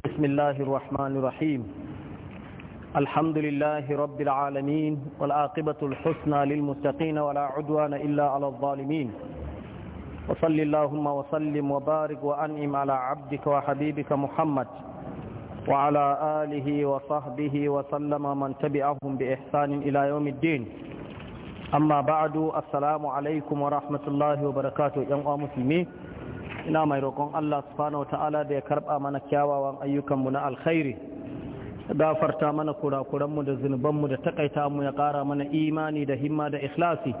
بسم الله الرحمن الرحيم الحمد لله رب العالمين والآقبة الحسنى للمتقين ولا عدوان إلا على الظالمين وصل اللهم وسلم وبارك وأنعم على عبدك وحبيبك محمد وعلى آله وصحبه وسلم من تبعهم بإحسان إلى يوم الدين أما بعد السلام عليكم ورحمة الله وبركاته يا مسلمين ina mai roƙon Allah subhanahu ta'ala da ya karɓa mana kyawawan ayyukanmu na alkhairi gafarta mana kurakuranmu da zunubanmu da takaita mu ya ƙara mana imani da himma da ikhlasi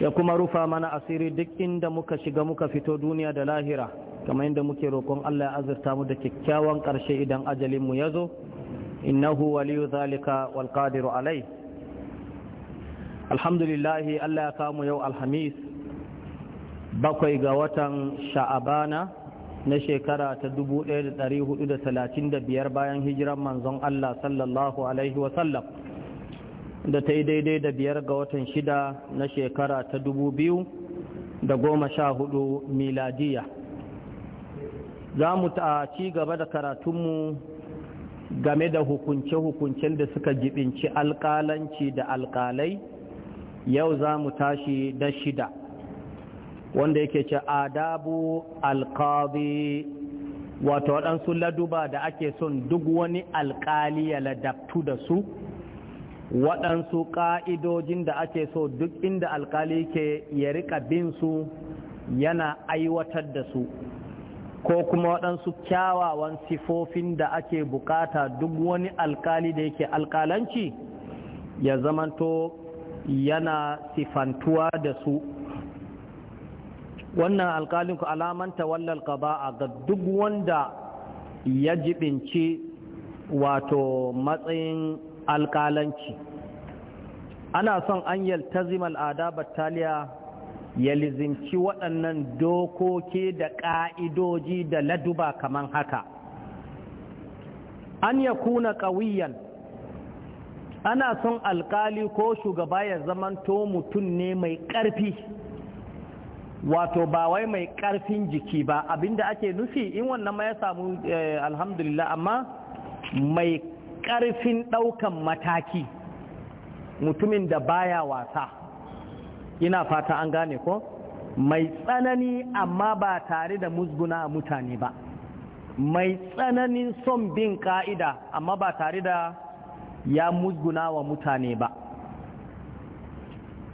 ya kuma rufa mana asiri duk inda muka shiga muka fito duniya da lahira kamar inda muke roƙon Allah ya azurta mu da kyakkyawan ƙarshe idan ajalinmu ya zo innahu waliyu zalika wal qadiru alai alhamdulillah Allah ya kamu yau alhamis bakwai ga watan sha'abana na shekara ta biyar bayan hijiran manzon Allah sallallahu Alaihi wasallam da ta yi daidai da biyar ga watan shida na shekara ta da goma sha 2014 miladiya za mu ta ci gaba da karatunmu game da hukunce-hukuncen da suka jibinci alkalanci da alkalai yau za mu tashi da shida wanda yake ce adabu alqadi wato waɗansu laduba da ake son duk wani alƙali ya ladabtu da su waɗansu ƙa'idojin da ake so duk inda alƙali ke ya riƙa bin su yana aiwatar da su ko kuma waɗansu kyawawan sifofin da ake bukata duk wani alƙali da yake alƙalanci ya zamanto yana sifantuwa da su wannan alkalin ku alamanta wallal qaba'a ga duk wanda ya jibinci wato matsayin alkalanci ana son an yaltazim al'adaba taliya ya lizimci waɗannan dokoki da ƙa'idoji da laduba kaman haka an ya kuna ƙawiyan ana son alkali ko shugaba ya zamanto mutum ne mai ƙarfi wato ba wai mai karfin jiki ba abinda ake nufi in wannan ma ya samu eh, alhamdulillah amma mai karfin daukan mataki mutumin da baya wasa ina fata an gane ko mai tsanani amma ba tare da musguna a mutane ba mai tsananin son bin ka'ida amma ba tare da ya musguna wa mutane ba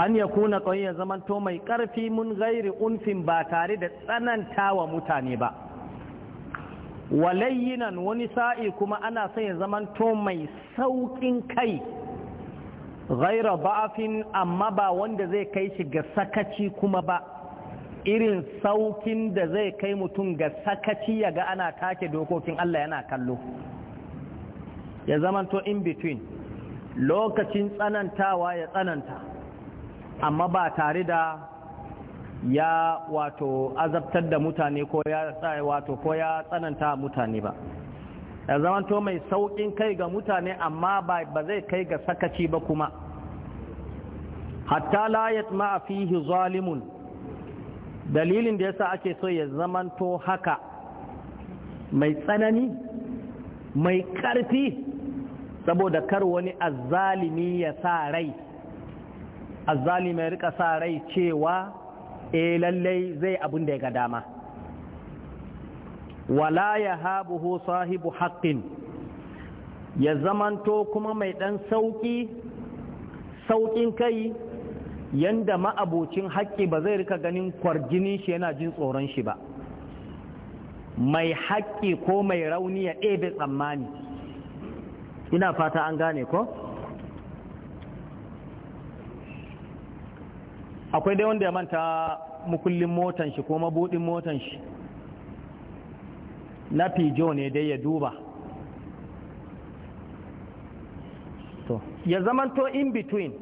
an ya kuna tsoyi ya zamanto mai ƙarfi mun gairi unfin ba tare da tsananta wa mutane ba walayyinan wani sa'i kuma ana son ya zamanto mai sauƙin kai gaira ba'afin amma ba wanda zai kai shi ga sakaci kuma ba irin saukin da zai kai mutum ga sakaci ya ga ana take dokokin Allah yana kallo ya zamanto in between lokacin tsanantawa ya tsananta amma ba tare da ya wato azabtar da mutane ko ya wato ko ya tsananta mutane ba ya zamanto mai saukin kai ga mutane amma ba zai kai ga sakaci ba kuma hatta la yatma fihi zalimun dalilin da yasa ake so ya zamanto haka mai tsanani mai karfi saboda kar wani azzalimi ya sa rai azzalima ya rika sa rai cewa eh lallai zai abin da ya ga dama wala ya habu habuhu sahibu haƙƙin ya zamanto kuma mai ɗan sauƙi sauƙin kai yanda ma'abocin haƙƙi ba zai rika ganin kwarjinin shi yana jin tsoron shi ba mai haƙƙi ko mai rauni ya ɗebe tsammani ina fata an gane ko akwai dai wanda ya manta mukullin motan shi ko mabudin motan shi na fijo ne dai ya duba to ya zamanto in between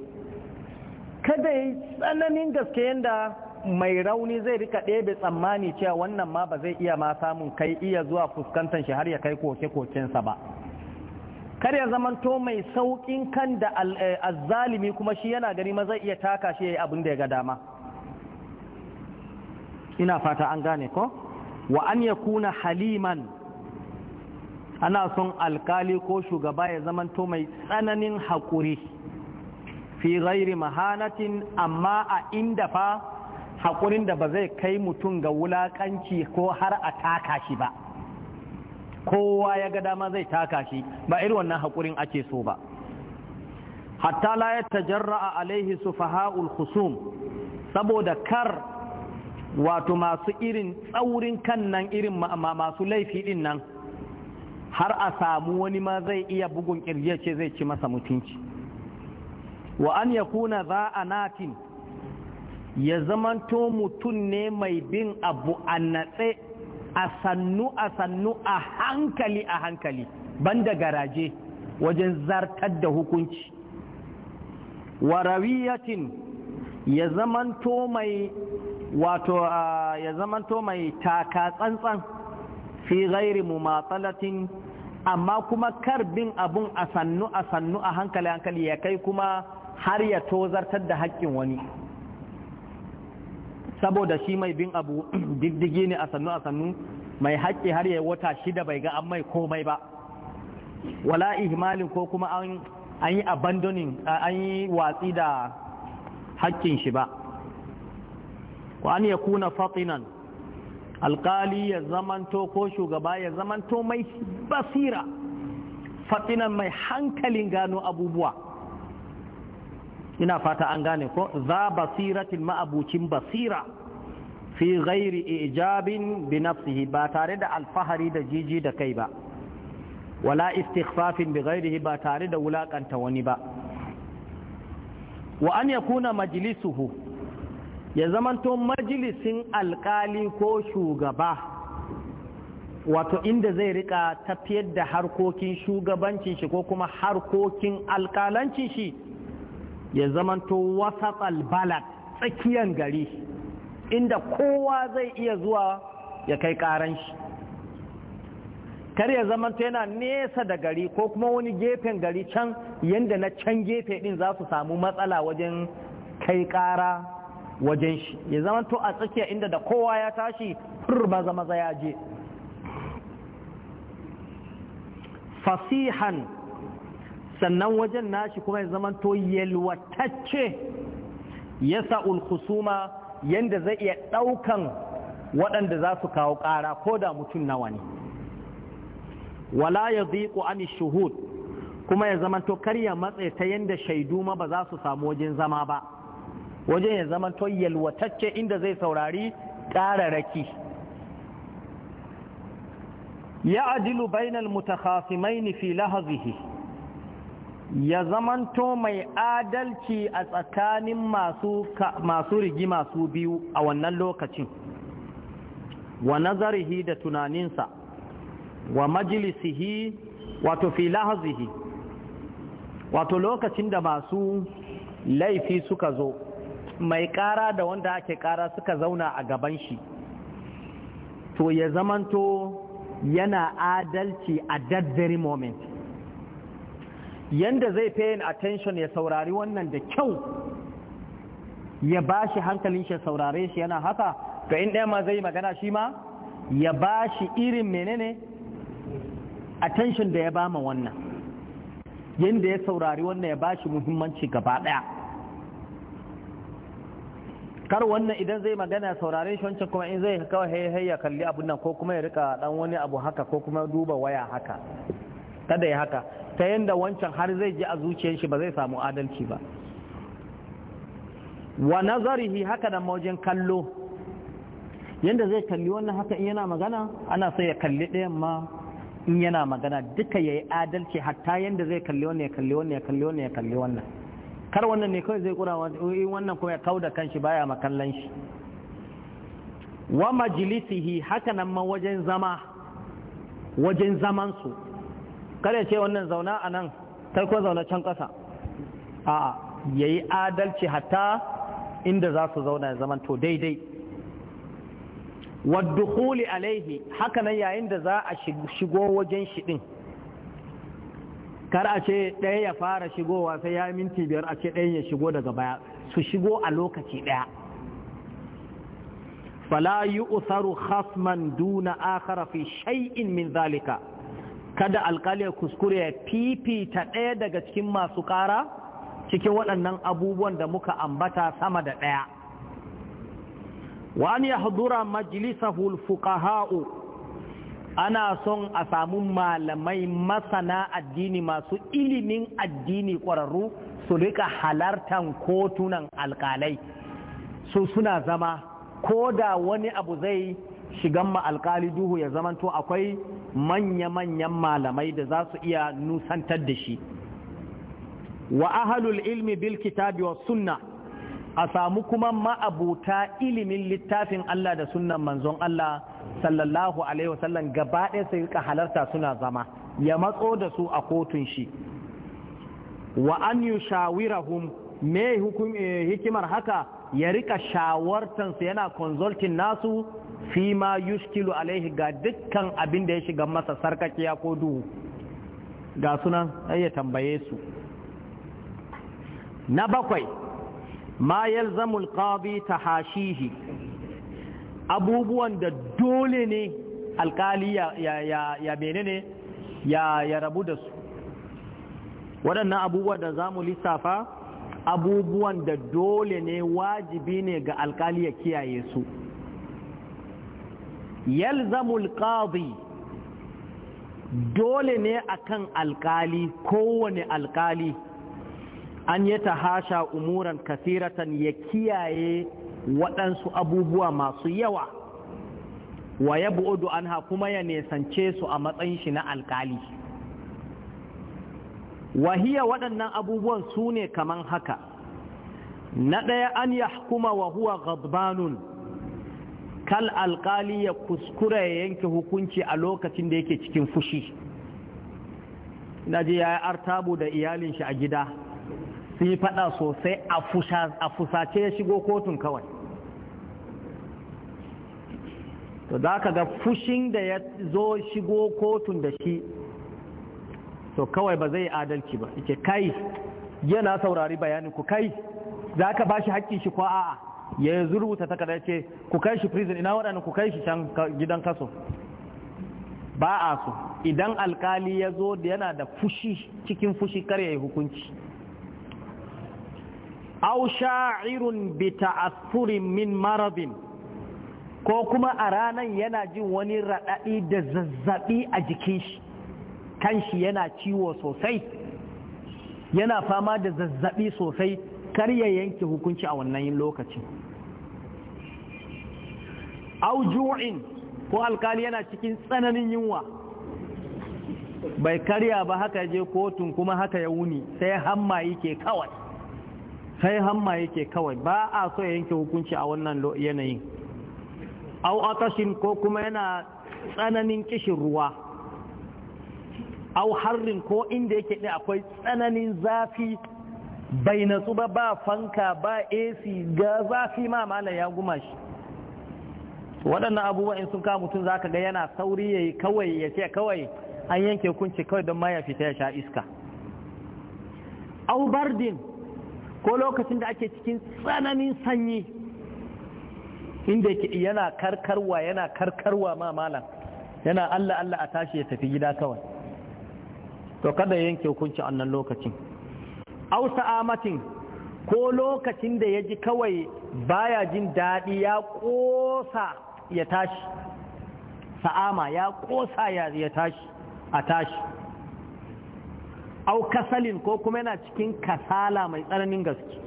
kada yi tsananin gaske yadda mai rauni zai rika ɗebe tsammani cewa wannan ma ba zai iya ma samun kai iya zuwa fuskantar shi har ya kai koke-kokensa ba kar ya zamanto mai sauƙin kan da eh, azzalimi kuma shi yana gani ma zai iya taka shi ya yi abin da ya ga dama ina fata an gane ko wa an ya kuna haliman ana son alkali ko shugaba ya zamanto mai tsananin haƙuri fi zairi mahanatin amma a inda fa haƙurin da ba zai kai mutum ga wulaƙanci ko har a taka shi ba kowa ya ga dama zai taka shi ba irin wannan haƙurin ake so ba hatta la ya tajarra'a alaihi sufaha'ul husum saboda kar wato masu irin tsaurin kan nan irin masu laifi din nan har a samu wani ma zai iya bugun ƙirgiyar ce zai ci masa mutunci wa an ya kuna za a natin ya zamanto mutum ne mai bin abu a natse a sannu a sannu a hankali a hankali banda garaje wajen zartar da hukunci rawiyatin ya zamanto mai wato ya zamanto mai taka tsantsan fi ghairi mumatsalatin amma kuma karbin abun a sannu a sannu a hankali hankali ya kai kuma har ya tozartar da haƙƙin wani saboda shi mai bin abu diddigi ne a sannu a sannu mai haƙƙi har yayi wata shida bai ga an mai komai ba wala ihmalin ko kuma an yi abandoning an yi watsi da haƙƙin shi ba Ko an kuna fatinan alƙali ya zamanto ko shugaba ya zamanto mai basira fatinan mai hankalin gano abubuwa ina fata an gane ko za basiratin ma'abucin basira fi ghairi ijabin bi nafsihi ba tare da alfahari da jiji da kai ba wala istighfafin bi ghairihi ba tare da wulakanta wani ba wa an yakuna majlisuhu ya zamanto majlisin alkali ko shugaba wato inda zai rika tafiyar da harkokin shugabancin shi ko kuma harkokin alkalancin shi ya zamanto wasatsal balad tsakiyan gari inda kowa zai iya zuwa ya kai karan shi kar ya zamanto yana nesa da gari ko kuma wani gefen gari can yadda na can gefe din za su samu matsala wajen kai kara wajen shi ya zamanto a tsakiya inda da kowa ya tashi fur maza maza ya je fasihan sannan wajen nashi kuma ya zamanto yalwatacce ya sa'ul kusuma yanda zai iya ɗaukan waɗanda za su kawo ƙara ko da mutum nawa ne wala ya ziƙo an shuhud kuma ya zamanto karya matse ta yanda shaidu ma ba za su samu wajen zama ba wajen ya zamanto yalwatacce inda zai saurari ƙararraki ya ajilu bainal mutakhasimaini fi lahazihi ya zamanto mai adalci a tsakanin masu, masu biyu a wannan lokacin wa nazarihi da tunaninsa wa majalisihi wato filahazihi wato lokacin da masu laifi suka zo mai ƙara da wanda ake ƙara suka zauna a gaban shi to ya zamanto yana adalci a daddare moment yanda zai paying attention ya saurari wannan da kyau ya ba shi hankalin shi saurare shi yana haka ga in ɗaya ma zai magana shi ma ya ba shi irin menene attention da ya ba ma wannan yanda ya saurari wannan ya ba shi muhimmanci gaba ɗaya kar wannan idan zai magana saurare shi wancan kuma in zai kawai ya kalli abun nan ko kuma ya rika dan wani abu haka ko kuma duba waya haka kada ya haka ta yadda wancan har zai ji a zuciyar shi ba zai samu adalci ba wa nazarihi haka da wajen kallo Yadda zai kalli wannan haka in yana magana ana sai ya kalli ɗayan ma in yana magana duka ya yi adalci hatta yadda zai kalli wannan ya kalli wannan ya kalli wannan ya kalli wannan kar wannan ne kawai zai kura eh, wannan kuma ya kauda kanshi baya makallan shi wa majalisihi haka nan ma wajen zama wajen zamansu kada ce wannan zauna a nan tarko zauna can ƙasa a ya yi adalci hatta inda za su zauna ya zaman to daidai wadduhuli alaihi hakanan yayin da za a shigo wajen shiɗin kar a ce ɗaya ya fara shigowa sai ya minti biyar a ce ɗaya ya shigo daga baya su shigo a lokaci ɗaya fala yi usaru hasman duna akara fi shai'in min zalika kada alkali ya kuskure ya fifita ɗaya daga cikin masu ƙara cikin waɗannan abubuwan da muka ambata sama da ɗaya wa an ya hadura majalisahul fuqaha'u ana son a samu malamai masana addini masu ilimin addini ƙwararru su rika halartan kotunan alƙalai, su suna zama ko da wani abu zai shigan ma alkali duhu ya zamanto akwai manya-manyan malamai da za su iya nusantar da shi wa ahalul ilmi bil kitabi wa sunna a samu kuma ma'abuta ilimin littafin Allah da sunnan manzon Allah sallallahu alaihi wasallam gaba ɗaya sai ka halarta suna zama ya matso da su a kotun shi wa an yushawirahum me eh, hikimar haka ya rika shawartansu yana consulting nasu fi ma yushkilu alaihi ga dukkan abin da ya shiga masa sarkakiya ko duhu ga sunan ya tambaye su na bakwai ma yalzamul qadi tahashihi abubuwan da dole ne alkali ya ya ya menene ya rabu da su waɗannan abubuwan da zamu lissafa abubuwan da dole ne wajibi ne ga alkali ya kiyaye su yalzamul qadi dole ne akan alkali kowane alkali an ta hasha umuran kasiratan ya kiyaye waɗansu abubuwa masu yawa wa ya bu'udu anha kuma ya nesance su a matsayin shi na alkali wahiya waɗannan abubuwan su ne kaman haka na ɗaya an ya hukuma wa huwa ghadbanun kal alƙali ya kuskura ya yanke hukunci a lokacin da yake cikin fushi na je ya yi artabu da iyalin shi a gida su yi faɗa sosai a fusace ya shigo kotun kawai to za ka ga fushin da ya zo shigo kotun da shi to kawai ba zai adalci ba yake kai yana saurari bayanin ku kai za ka ba shi haƙƙin shi ko a'a ya zurbuta takarda ce ku kai shi prison ina waɗannan ku kai shi can gidan kaso ba a so idan alkali ya zo da yana da fushi cikin fushi kar ya yi hukunci au sha'irun bi ta'assurin min maradin ko kuma a ranan yana jin wani raɗaɗi da zazzaɓi a jikin shi kanshi yana ciwo sosai yana fama da zazzabi sosai kar yanke hukunci a wannan lokacin au ju'in ko alkali yana cikin tsananin yunwa bai karya ba haka je kotun kuma haka ya wuni sai hamma yake kawai sai hamma yake kawai ba a so ya yanke hukunci a wannan yanayin au atashin ko kuma yana tsananin kishin ruwa au harrin ko inda yake ne akwai tsananin zafi bai natsu ba ba fanka ba ac ga zafi ma mala ya guma shi waɗannan abubuwa in sun kawo mutum zaka ga yana sauri ya yi kawai ya ce kawai an yanke kunci kawai don ma ya fita ya sha iska au bardin ko lokacin da ake cikin tsananin sanyi inda yake yana karkarwa yana karkarwa ma malam yana allah allah a tashi ya tafi gida kawai to kada yanke hukunci a nan lokacin au sa'amatin ko lokacin da ya ji kawai baya jin daɗi ya ƙosa ya tashi sa'ama ya ƙosa ya tashi a tashi au kasalin ko kuma yana cikin kasala mai tsananin gaske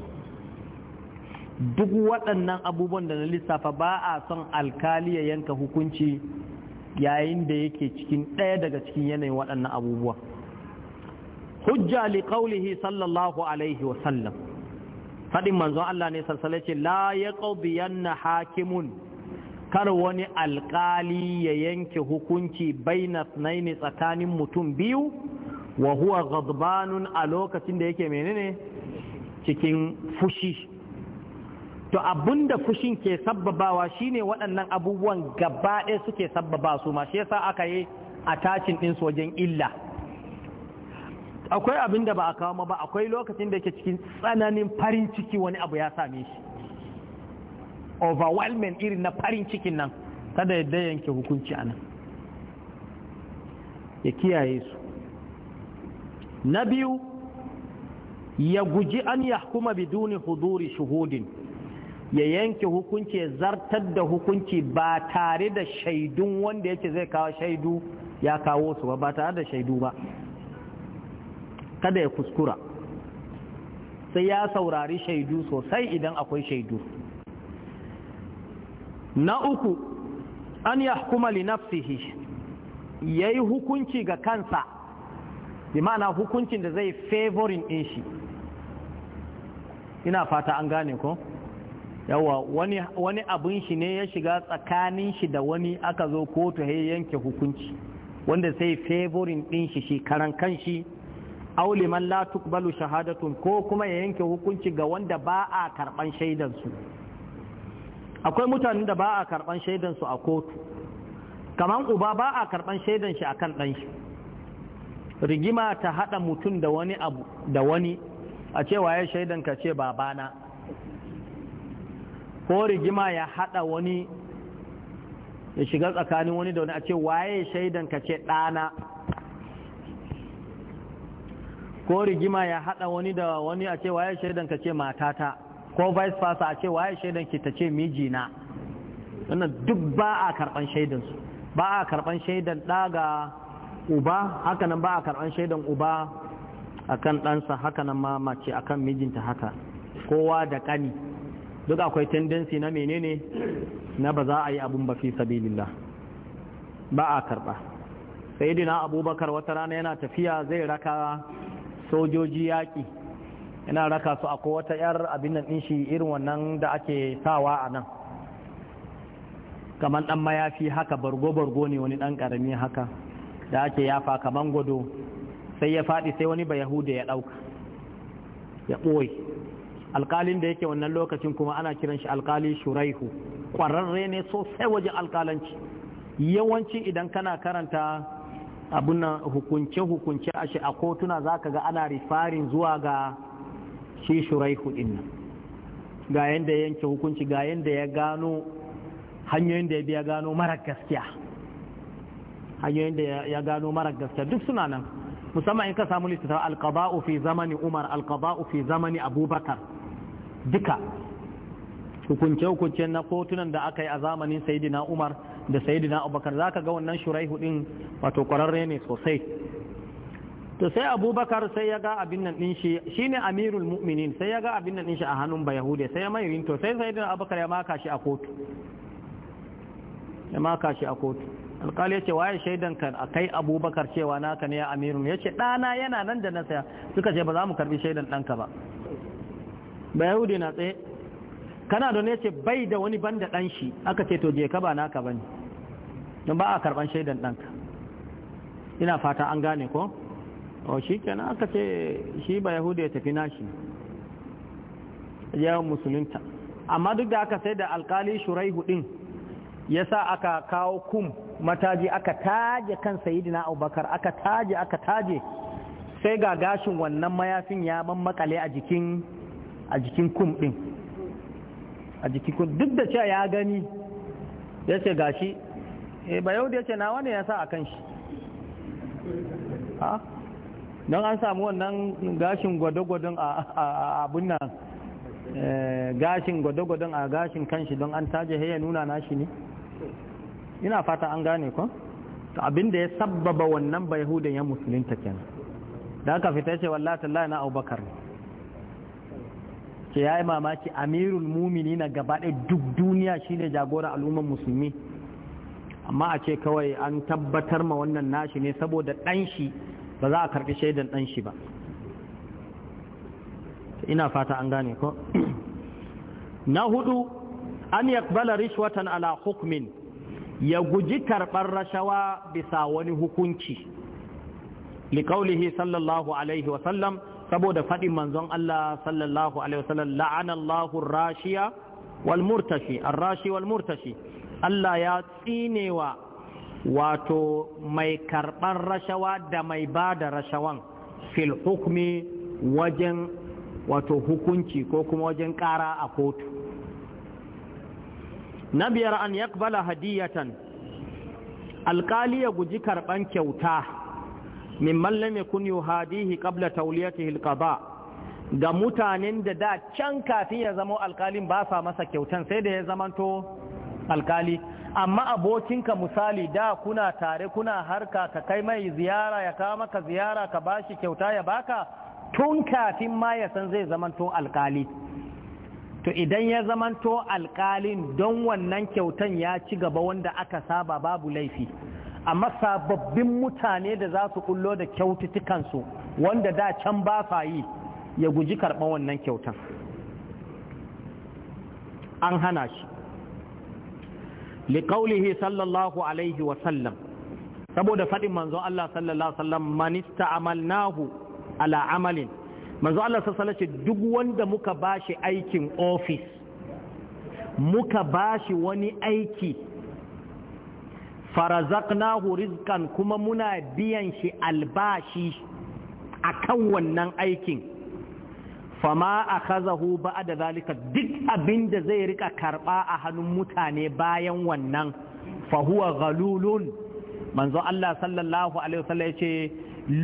duk waɗannan abubuwan da na lissafa ba a son alkali ya yanka hukunci yayin da yake cikin ɗaya daga cikin yanayin waɗannan abubuwa hujja li qawlihi sallallahu alaihi wa sallam fadin manzon Allah ne sallallahu ce la yaqdiyanna hakimun kar wani alƙali ya yanke hukunci baina naini tsakanin mutum biyu wa huwa ghadbanun a lokacin da yake menene cikin fushi to abinda fushin ke sabbabawa shine waɗannan abubuwan gaba ɗaya suke sabbaba su ma shi yasa aka yi attachin ɗinsu wajen illa akwai abin da ba a kawo ba akwai lokacin da yake cikin tsananin farin ciki wani abu ya same shi overwhelming irin na farin cikin nan kada ya yanke hukunci a nan ya kiyaye su na biyu ya guji an ya bi biduni huduri shuhudin ya yanke hukunci ya zartar da hukunci ba tare da shaidun wanda yake zai kawo shaidu ya kawo su ba ba tare da shaidu ba kada ya kuskura sai ya saurari shaidu sosai idan akwai shaidu na uku an ya hukuma li ya yi hukunci ga kansa bi ma'ana hukuncin da zai favorin in shi ina fata an gane ko yawa wani, wani abin shi ne ya shiga tsakanin shi da wani aka zo kotu ya yanke hukunci wanda sai favorin din shi shi karan kan aw man la tuqbalu shahadatun ko kuma ya yanke hukunci ga wanda ba a karban shaidan su akwai mutanen da ba a karban shaidan su a kotu kaman uba ba a karban shaidan shi akan dan shi rigima ta hada mutum da wani abu da wani a ce waye shaidan ka ce babana ko rigima ya hada wani ya shiga tsakanin wani da wani a ce waye shaidan ka ce ɗana ko rigima ya haɗa wani da wani a ce waye shaidan ka ce matata ko vice versa a ce waye shaidan ki ta ce mijina wannan duk ba a karban shaidan su ba a karban shaidan da ga uba hakanan ba a karban shaidan uba akan haka hakanan ma mace akan mijinta haka kowa da ƙani duk akwai tendency na menene na ba za a yi abun ba fi sabilillah ba a karɓa sayyidina abubakar wata rana yana tafiya zai raka sojoji yaƙi ina raka su akwai wata 'yar abin nan shi irin wannan da ake sawa a nan kamar ɗan mayafi haka bargo-bargo ne wani ɗan ƙarami haka da ake yafa kamar gudu sai ya faɗi sai wani bayahuda ya ɗauka ya ɓoye alƙalin da yake wannan lokacin kuma ana kiran shi alƙali shuraihu ƙwararre ne sosai wajen alƙalanci yawanci idan kana karanta abin hukunce-hukunce a kotuna za ka ga ana rifarin zuwa ga shi shirai hudin nan ga yadda yanke hukunci ga yadda ya gano hanyoyin da ya biya gano mara gaskiya hanyoyin da ya gano mara gaskiya duk suna nan musamman in ka samu littattafan alkaba'u fi zamani umar alkaba'u fi zamani abubakar duka hukunce-hukunce na kotunan da aka yi a zamanin sayidina umar da sayidina abubakar za ka ga wannan shirai din wato kwararre ne sosai to sai abubakar sai ya ga abin nan din shi ne amirul mu'minin sai ya ga abin nan din shi a hannun ba yahude sai ya mai to sai sayidina abubakar ya maka shi a kotu ya maka shi a kotu alƙali ya ce waye shaidan kan kai abubakar cewa naka ne ya amirun ya ce ɗana yana nan da na saya suka ce ba za mu karɓi shaidan ɗanka ba ba yahudi na tsaye kana da ne ce bai da wani banda dan shi aka ce to je ka ba naka bane don ba a karban shaidan danka ina fata an gane ko o shikenan aka ce shi ba Yahudiya ya tafi nashi yawon musulunta amma duk da aka sai da alkali shuraihu din ya sa aka kawo kum mataji aka taje kan sayidina abubakar aka taje aka taje sai ga gashin wannan mayafin ya ban makale a jikin kum din a jiki duk da cewa ya gani ya ce gashi e eh, ba yau da ya ce nawa ne ya sa a kan shi ah, don an samu wannan gashin gwado a abin nan eh, gashin gwado a gashin kanshi don an taje ya nuna nashi ne ina fata an gane ko abin da ya sabbaba wannan bai hudun ya musulunta kenan da aka fita ce wallata lana abubakar ne ce ya yi mamaki amirul mumini na gabaɗe duk duniya shine jagora al'ummar musulmi amma a ce kawai an tabbatar ma wannan nashi ne saboda ɗanshi ba za a karɓi shaidan ɗanshi ba ina fata an gane ko na hudu an yakbala rishwatan ala hukmin ya guji karɓar rashawa bisa wani hukunci liƙaulihi sallallahu alaihi wasallam saboda faɗin manzon Allah sallallahu alaihi wasallam la'anallahu rashiya wal murtashi wal murtashi Allah ya tsinewa wato mai karɓar rashawa da mai ba da rashawan fil wajen wato hukunci ko kuma wajen ƙara a kotu na biyar an yakbala hadiyatan alƙali ya guji karɓan kyauta mimman lam yakun yuhadihi qabla tawliyatihi alqada ga mutanen da da can kafin ya zama alkalin ba sa masa kyautan sai da ya zamanto alkali amma abokinka misali da kuna tare kuna harka ka kai mai ziyara ya kawo maka ziyara ka bashi kyauta ya baka tun kafin ma ya san zai zamanto alkali to idan ya zamanto alkalin don wannan kyautan ya ci gaba wanda aka saba babu laifi amma sababbin mutane da za su kullo da kyaututtukansu wanda da can ba sa yi ya guji karɓar wannan kyautan an hana shi liƙaulihi sallallahu alaihi wasallam saboda faɗin manzon Allah sallallahu alaihi wasallam manista amalnahu ala amalin manzon Allah sallallahu alaihi duk wanda muka bashi aikin ofis muka bashi wani aiki farazaqnahu rizkan kuma muna biyan shi albashi akan wannan aikin fama akhazahu ba'da zalika duk abinda zai rika karba a hannun mutane bayan wannan fa huwa ghalulun manzo Allah sallallahu alaihi wasallam yace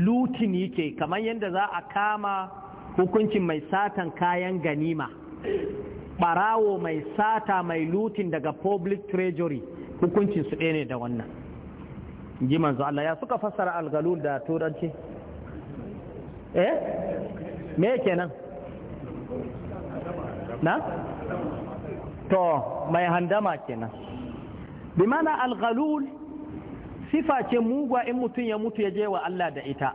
lutin yake kamar yadda za a kama hukuncin mai satan kayan ganima ɓarawo mai sata mai lutin daga public treasury hukuncin su ɗaya ne da wannan ji manzo Allah ya suka fassara algalul da turanci eh me nan? na to mai handama kenan bi mana algalul sifa ce mugwa in mutum ya mutu ya je wa Allah da ita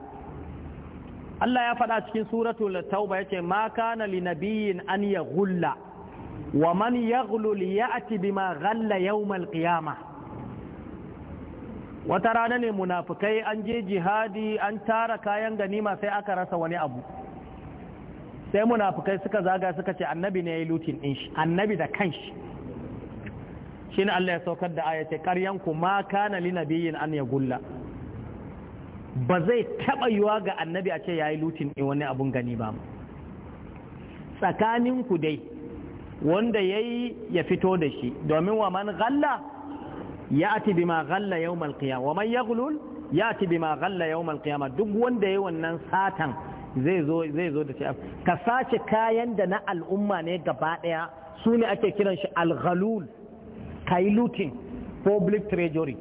Allah ya faɗa cikin suratul tauba yace ma kana linabiyyin an ya gulla wa man yaghlul ya'ti bima ghalla yawmal qiyamah wata rana ne munafikai an je jihadi an tara kayan ganima sai aka rasa wani abu sai munafikai suka zaga suka ce annabi ne ya lutin din shi annabi da kanshi shi Allah ya saukar da karyan ku ma kana li nabiyin an ya gulla ba zai taɓa yiwa ga annabi a ce yayi lutin din wani abun gani ba Tsakanin ku dai wanda ya yi ya fito da shi domin wa man galla ya ati ma galla yau malkiyama wa man ya gulul ya ati bima galla yau ma, duk wanda ya yi wannan satan zai zo da shi ka sace kayan da na al'umma ne gaba ɗaya su ne ake kiran shi alghalul ka yi looting public treasury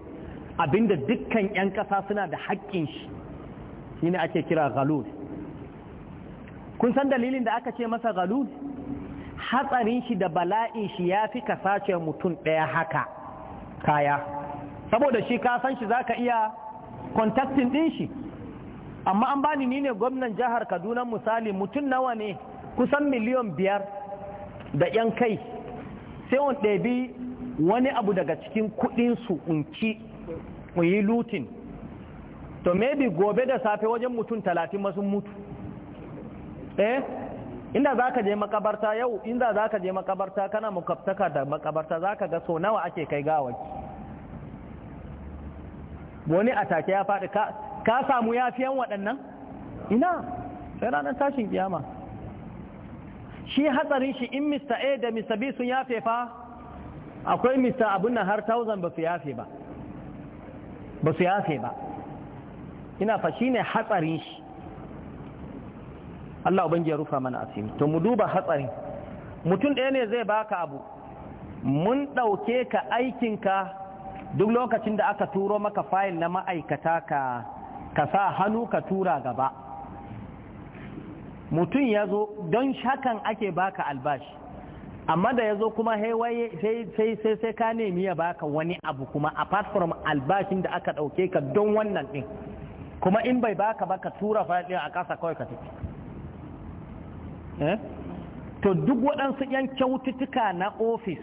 abinda dukkan 'yan ƙasa suna da haƙƙin shi shi ne ake kira ghalul kun san dalilin da aka ce masa ghalul hatsarin shi da bala'in shi ya fi ka sace mutum ɗaya haka kaya saboda shi ka san shi zaka iya kontaktin ɗin shi amma an bani ni ne gwamnan jihar kaduna misali mutum nawa ne kusan miliyan biyar da 'yan kai sai on ɗabi wani abu daga cikin kuɗinsu unci mu yi lutin to maybe gobe da safe wajen mutum talatin masu mutu eh inda za ka je makabarta yau inda za ka je makabarta kana mukaftaka da makabarta za ka ga so nawa ake kai gawaki wani a take ya faɗi ka samu yafiyan waɗannan ina sai ranar tashin kiyama shi hatsarin shi in mr a da mr b sun yafe fa akwai mr abin nan har 1000 ba su yafe ba ba su yafe ba ina fa shi ne hatsarin shi Allah ubangi ya rufa mana asiri to mu duba hatsarin mutum ɗaya ne zai baka abu mun ɗauke ka aikinka duk lokacin da aka turo maka fayil na ma'aikata ka ka sa hannu ka tura gaba mutum ya zo don shakan ake baka albashi amma da ya zo kuma sai sai ka nemi ya baka wani abu kuma apart from albashin da aka ɗauke ka don wannan ɗin kuma in bai baka ba ka tura fayil ɗin a ƙasa kawai ka tafi Eh? to duk waɗansu yan kyaututtuka na ofis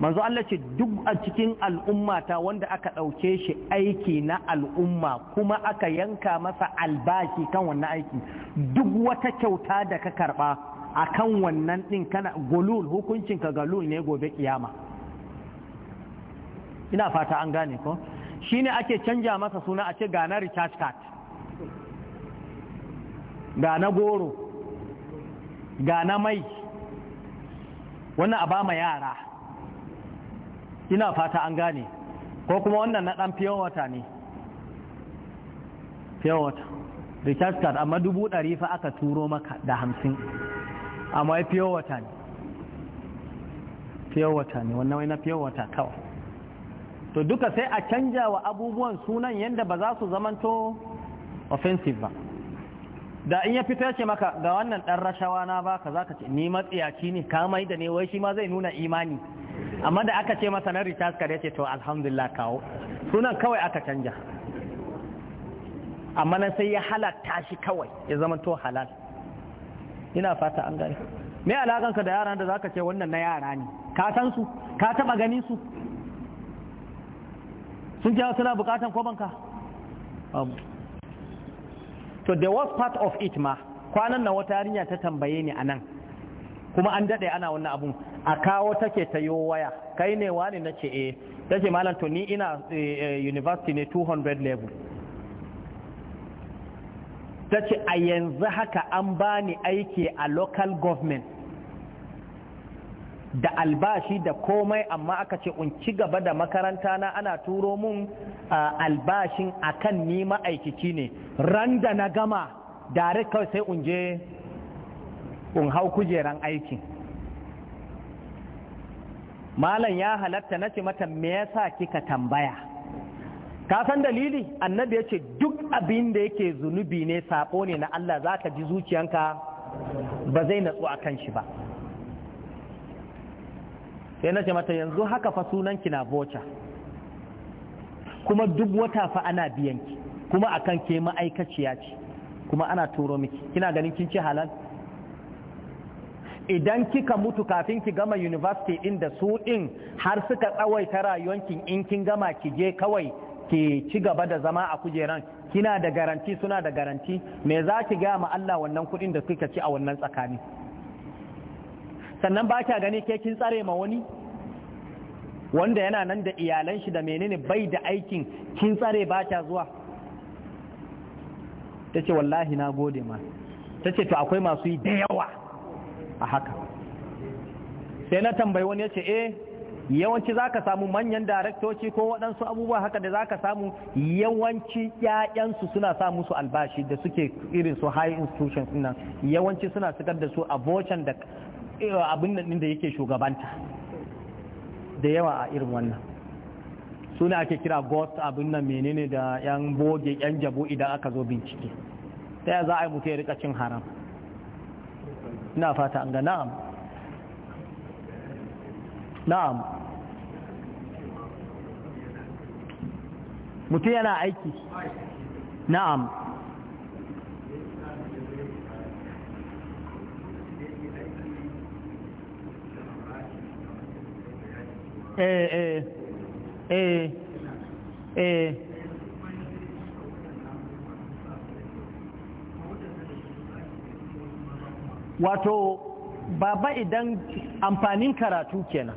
manzo Allah ce duk a cikin al'ummata wanda aka ɗauke shi aiki na al'umma kuma aka yanka masa albashi kan wannan aiki duk wata kyauta da ka karɓa a kan wannan ɗin kana gulul hukuncinka galul ne gobe kiyama ina fata an gane ko shi ne ake canja masa suna a ce ga na recharge card goro ga na mai wannan a ba ma yara ina fata an gane ko kuma wannan na dan fiye wata ne fiye wata recharge card amma dubu ɗari fa aka turo maka da hamsin amma ya fiye wata ne fiye wata ne wannan wai na fiye wata kawai to duka sai a canja wa abubuwan sunan yadda ba za su zamanto offensive ba da in ya fito yake maka ga wannan dan rashawa na baka zaka ce ni matsiyaci ne ka mai da ne wai shi ma zai nuna imani amma da aka ce masa na recharge card yace to alhamdulillah kawo sunan kawai aka canja amma nan sai ya halatta shi kawai ya zama to halal ina fata an gane me alakan ka da yaran da zaka ce wannan na yara ne ka san su ka taba ganin su sun jawo suna bukatan kwabanka to the worst part of it ma kwanan na wata yarinya ta tambaye ni anan kuma an dade ana wannan abun a kawo take ta yo waya kai ne wani na ce eh tace malam to ni ina eh, eh, university ne 200 level tace a yanzu haka an bani aiki a local government da albashi da komai amma aka ce in ci gaba da makaranta na ana turo mun albashin akan ni ma'aikaci ne ran da na gama direct kawai sai in je in hau kujeran aikin malam ya halatta na ce mata me yasa kika tambaya ka san dalili annabi ya ce duk abin da yake zunubi ne sabo ne na Allah za ka ji zuciyanka ba zai natsu a kan shi ba sai na ce mata yanzu haka fa sunanki na bocha kuma duk wata fa ana biyan ki kuma akan ke ma'aikaciya ce kuma ana turo miki kina ganin kin ce halal idan kika mutu kafin ki gama university din da su in har suka tsawaita rayuwankin in kin gama ki je kawai ki ci gaba da zama a kujeran kina da garanti suna da garanti me za ki gaya ma Allah wannan kuɗin da kika ci a wannan tsakani sannan ba kya gani ke kin tsare ma wani wanda yana nan da iyalan shi da menene bai da aikin kin tsare ba kya zuwa ta ce wallahi na gode ma ta ce to akwai masu yi da yawa a haka sai na tambayi wani ya ce eh yawanci za ka samu manyan daraktoci ko waɗansu abubuwa haka da za ka samu yawanci ‘ya'yansu suna sa musu albashi da suke irin su high institutions nan yawanci suna sigar da su a bocin da Eh, abin nan da yake shugabanta da yawa a irin wannan suna ake kira ghost abin nan menene da yan boge yan jabo idan aka zo bincike ta yi za a yi mutu ya rikacin haram na fata an ga na'am na'am mutu yana aiki na'am Eh, eh, eh, eh wato baba idan amfanin karatu kenan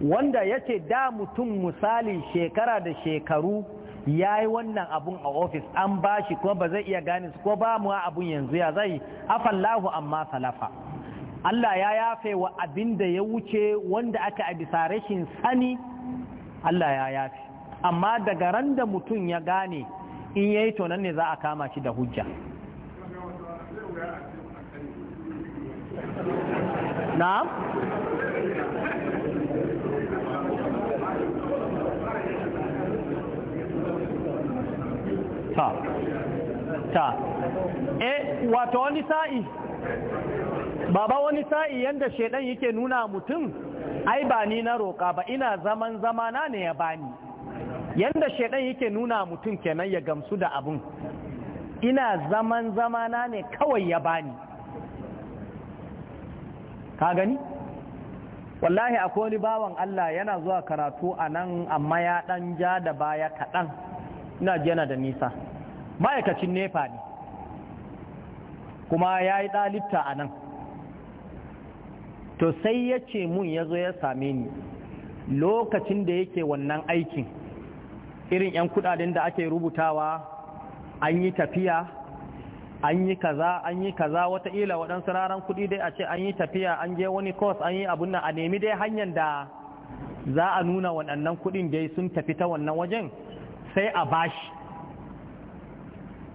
wanda yace da mutum misali shekara da shekaru ya yi wannan abun a ofis an bashi kuma ba zai iya gane su ko ba mu abun yanzu ya zai afallahu amma salafa Allah ya yafe wa abin da ya wuce wanda aka a bisa rashin sani Allah ya yafe amma daga ran da mutum ya gane in yayi to ne za a kama shi da hujja na'am ta ta eh wato wani sa'i baba wani sa'i yadda shaidan yake nuna mutum ai ba ni na roƙa ba ina zaman zamana ne ya bani Yadda shaidan yake nuna mutum kenan ya gamsu da abun ina zaman zamana ne kawai ya bani ka gani wallahi akwai wani bawan Allah yana zuwa karatu a nan amma ya ɗan ja da baya kaɗan ina jana da nisa ma'aikacin nefa ne kuma ya yi ɗalibta a nan to sai ya ce mun ya zo ya same ni lokacin da yake wannan aikin irin 'yan kudaden da ake rubutawa an yi tafiya an yi kaza an yi kaza wataƙila waɗansu raran kuɗi dai a ce an yi tafiya an je wani kos an yi abun nan a nemi dai hanyar da za a nuna waɗannan kuɗin dai sun tafi ta wannan wajen sai a bashi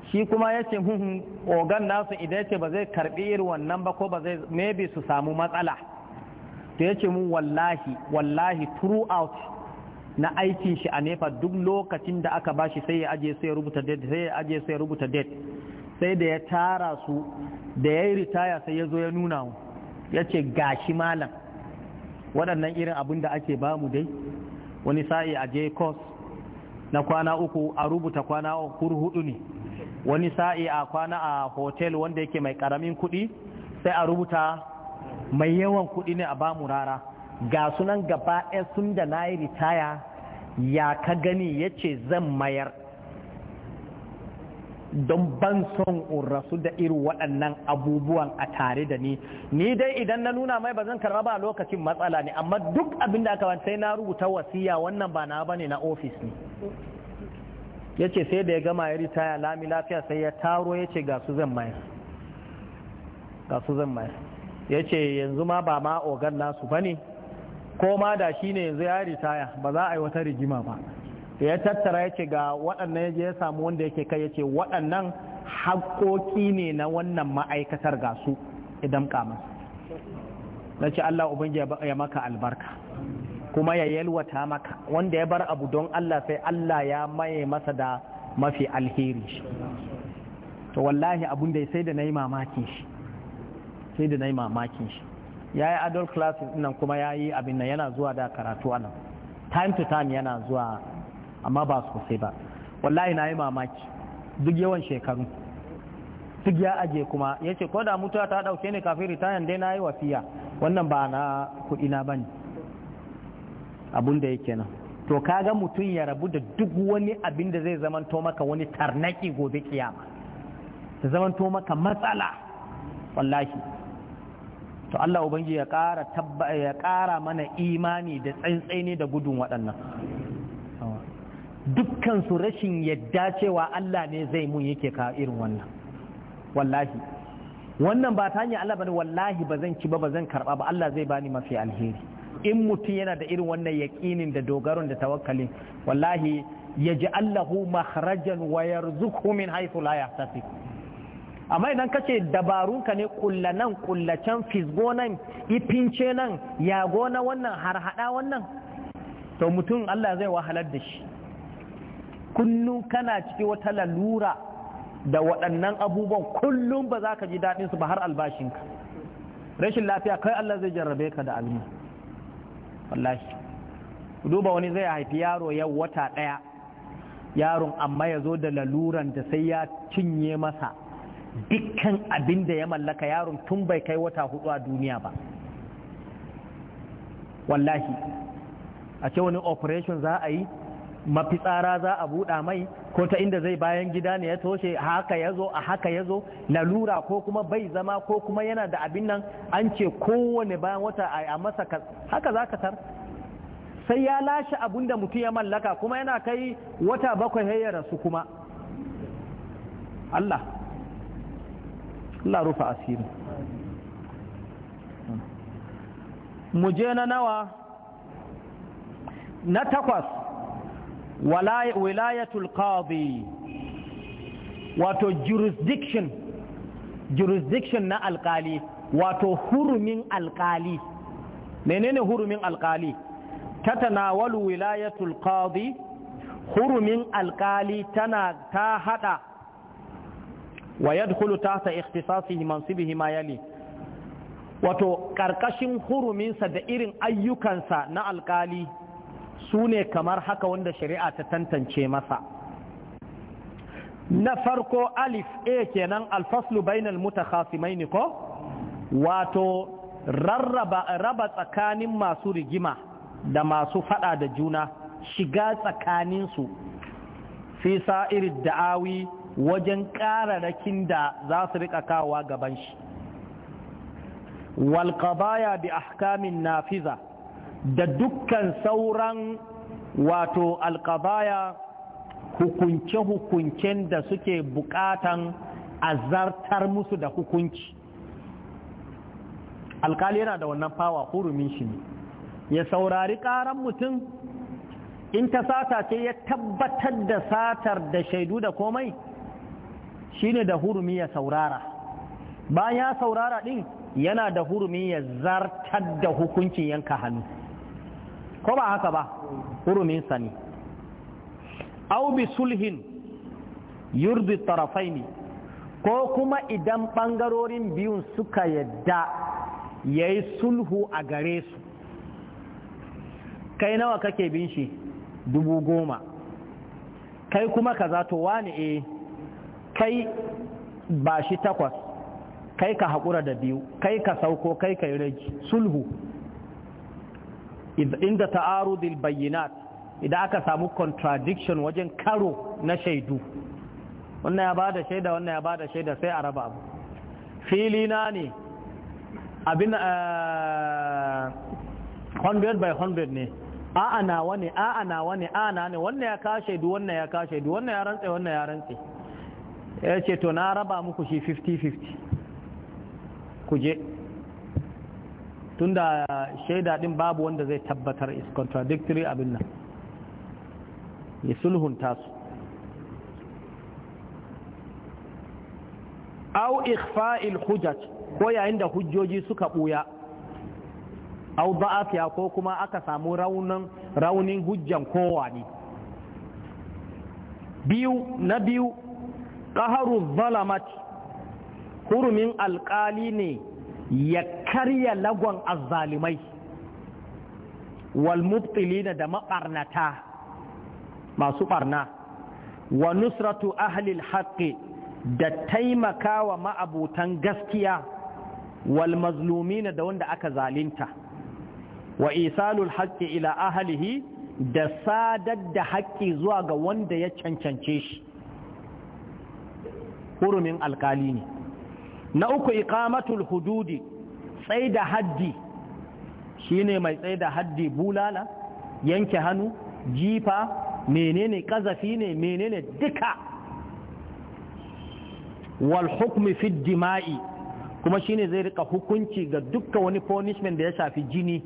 shi kuma ya ce ogan nasu idan ce ba zai karɓi irin wannan ba ko ba zai maybe su samu matsala to ya ce mun wallahi wallahi throughout na aikin shi a nefa duk lokacin da aka bashi sai ya aje sai ya rubuta date sai ya aje sai ya rubuta date sai da ya tara su da ya yi ritaya sai ya zo ya nuna mu ya ce gashi malam waɗannan irin abin da ake ba mu dai wani sa'i a je course na kwana uku a rubuta kwana hudu ne wani sa'i a kwana a hotel wanda yake mai karamin kuɗi sai a rubuta mai yawan kuɗi ne a ba mu rara ga sunan gaba ɗaya sun da na yi ritaya ya ka gani ya ce zan mayar don ban son rasu da irin waɗannan abubuwan a tare da ni ni dai idan na nuna mai ba zan karɓa ba lokacin matsala ne amma duk abin da aka ban sai na rubuta wasiya wannan ba na bane na ofis ne ya ce sai da ya gama ya ritaya lami lafiya sai ya taro ya ce ga su zan mayar ya ce yanzu ma ba ma ogan nasu ba ne ko ma da shi ne yanzu ya ritaya ba za a yi wata rigima ba ya tattara ya ce ga waɗannan ya ya samu wanda yake kai ya ce waɗannan haƙoƙi ne na wannan ma'aikatar ga su idan kamar na ce Allah ubangiji ya maka albarka kuma ya yalwata maka wanda ya bar abu don Allah sai Allah ya maye masa da mafi alheri to wallahi abun da sai da na yi mamaki shi sai da na yi mamakin shi ya yi adult classes nan kuma ya yi abin nan yana zuwa da karatu anan time to time yana zuwa amma ba sosai ba wallahi na yi mamaki duk yawan shekaru duk ya aje kuma ya ce ko da mutuwa ta ɗauke ne kafin ritayan dai na yi wasiya wannan ba na kuɗi na bane abun da yake nan to kaga mutum ya rabu da duk wani abin da zai zamanto maka wani tarnaki gobe kiyama ta zamanto maka matsala wallahi to Allah ubangi ya ƙara tabba ya ƙara mana imani da tsaintsaini da gudun waɗannan dukkan su rashin yadda cewa Allah ne zai mun yake ka irin wannan wallahi wannan ba ta hanyar Allah bane wallahi ba zan ci ba ba zan karba ba Allah zai bani mafi alheri in mutum yana da irin wannan yaƙinin da dogaron da tawakkalin wallahi ya ji Allahu makharajan wa yarzuqhu min haythu la yahtasib amma idan ka ce dabarun ka ne kulla nan kullacen fisgo nan ifince nan yago na wannan harhada wannan to mutum Allah zai wahalar da shi kullum kana ciki wata lalura da waɗannan abubuwan kullum ba za ka ji daɗin su ba har albashinka rashin lafiya kai Allah zai jarrabe ka da almi wallahi duba wani zai haifi yaro yau wata ɗaya yaron amma ya zo da laluran da sai ya cinye masa dukkan abin da ya mallaka yaron tun bai kai wata hudu a duniya ba wallahi a ce wani operation za a yi mafitsara za a buɗa mai ko ta inda zai bayan gida ne ya toshe haka ya zo a haka ya zo lalura ko kuma bai zama ko kuma yana da abin nan an ce kowane bayan wata a masa haka za ka tar sai ya lashe abin da mutum ya mallaka kuma yana kai wata bakwai ya rasu kuma Allah Allah rufa asiri Muje na nawa na takwas wilayatul qadi wato jurisdiction jurisdiction na alkali wato hurumin alkali menene hurumin alkali tatanawalu wilayatul qadi hurumin alkali tana ta hada wa yadkhulu tahta ikhtisasihi mansibihi ma wato karkashin huruminsa da irin ayyukansa na alkali su ne kamar haka wanda shari'a ta tantance masa na farko alif a kenan alfaslu bainal mutakhasimaini ko wato rarraba raba tsakanin masu rigima da masu fada da juna shiga tsakaninsu fi sa'irid da'awi wajen ƙararrakin da za su riƙa kawa gaban shi walƙabaya bi ahkamin nafiza da dukkan sauran wato alƙabaya hukunce-hukuncen da suke buƙatan azartar musu da hukunci Alƙali yana da wannan fawa hurumin shi ne ya saurari ƙaran mutum in ta sata ce ya tabbatar da satar da shaidu da komai shine da hurumi ya saurara bayan ya saurara din yana da hurumi ya zartar da hukuncin yanka hannu ko ba haka ba hurumin sa ne au bi sulhin yurdi tarafaini ko kuma idan bangarorin biyun suka yadda yayi sulhu a gare su kai nawa kake bin shi dubu goma kai kuma kaza to wani eh kai ba shi takwas kai ka haƙura da biyu kai ka sauko kai ka yi raji sulhu inda ta'arudil bayyinat idan aka samu contradiction wajen karo na shaidu wannan ya bada shaida wannan ya bada shaida sai a raba abu fili na ne abin 100 eh, by 100 ne a'a nawa wani, a'a nawa ne a'a na wani, wannan ya ka shaidu wannan ya ka shaidu wannan ya rantse wannan ya rantse ya ce to na raba muku shi 50-50 kuje tunda shaida din babu wanda zai tabbatar is contradictory abin nan ya sulhunta su au ikfa'il hujjaj ko yayin da hujjoji suka buya au da'afiya ko kuma aka samu raunin raunin hujjan kowa ne biyu na biyu ƙaharu zalamat hurumin alƙali ne ya karya lagon azzalimai walmubtilina da maɓarnata masu ɓarna wa nusratu ahlil haƙƙi da taimaka wa ma'abutan gaskiya walmazlumina da wanda aka zalinta wa isalul haƙƙi ila ahlihi da sadar da haƙƙi zuwa ga wanda ya cancance shi hurumin alkali ne na uku iqamatul hududi tsaida da haddi shine mai tsaida haddi bulala yanke hannu jifa menene kazafi ne menene duka wal hukmi fi dima'i kuma shine zai rika hukunci ga dukkan wani punishment da ya shafi jini